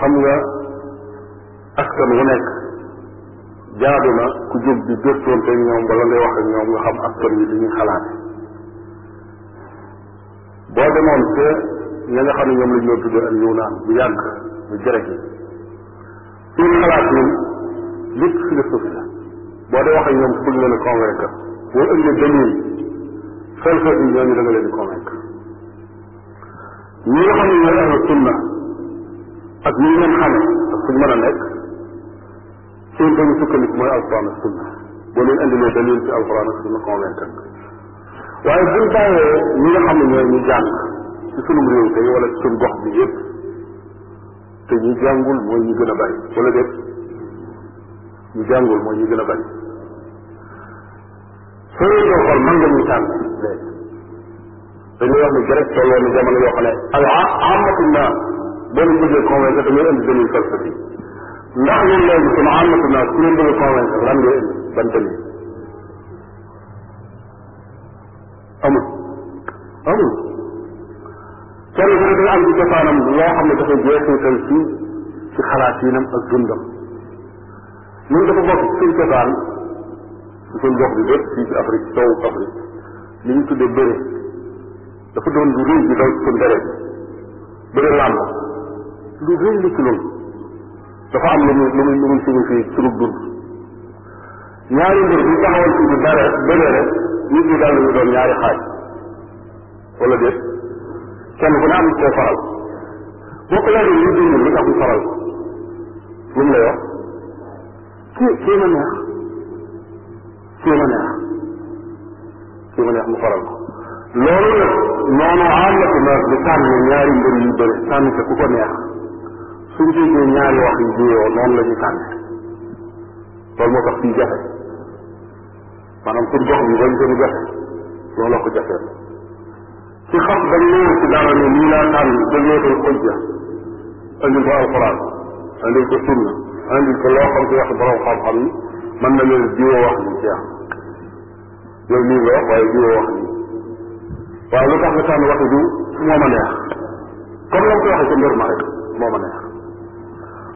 xam nga askan wu nekk jaadu na ku jóg di gëstoonte ak ñoom wala ngay wax ñoom nga xam askan wi li ñuy xalaate boo demoon te ña nga xam ñoom lañ doon tuddee ak yunaan bu yàgg bu grec yi seen xalaat ñun lépp philosophie boo dee wax ak ñoom bëgg leen a convaincre boo indi dalil falsafi ñooñu da nga leen di convaincre nga xam ne ñooy ahlu sunna ak ni ñu leen xamee ak fu ñu mën a nekk seen dañu sukkandiku mooy alquran ak sunna boo leen indilee dalil ci alquran ak sunna convaincre waaye buñ bàyyee ñi nga xam ne ñooy ñu jàng ci sunum réew tey gox bi yëpp te ñi jàngul mooy gën a bari wala déet ñu jàngul mooy gën a bari soo doo xool man nga ñuy tànn léegi dañuy wax ne rek tolloo ni jamono yoo xam ne al amatu naas boo leen bëggee convaincre damay indi dalil falsafi ndax ñun léegi sama àmmatu naas ku leen bëgg a convaincre lan ngay indi ban dalil amul amul kenn ku ne dina am ci cosaanam loo xam ne dafa jeexital ci ci xalaatinam ak dundam ñun dafa bokk ci suñ cosaan ci suñ gox bi bépp fii ci Afrique sowu Afrique li ñu tuddee bëre dafa doon lu rëy bi daw ci suñ deret bëre lu rëy la ci loolu lu muy lu muy lu muy signifie sunu dund ñaari mbir ci di bare dëgee rek nit ñi daal lañu doon ñaari xaaj wala déet kenn ku ne am koo faral boo ko laajee lu dund lu tax mu faral lu mu lay ma neex kii bi nag di tànn ñaari mbir yu bëri tànn ku ko neex suñ déggee ñaari wax yu juyoo moom la ñu tànn loolu moo tax fii jafe maanaam pour gox bi bañ gën a jafe looloo ko jafeel ci xam dañ leen ci dara ne laa tànn dëlloo koy xujja loo wax borom xam-xam yi mën na leen jiwoo yow lii nga wax wax ni waaye waxi du moo ma neex comme la mu ko waxee ca moo ma neex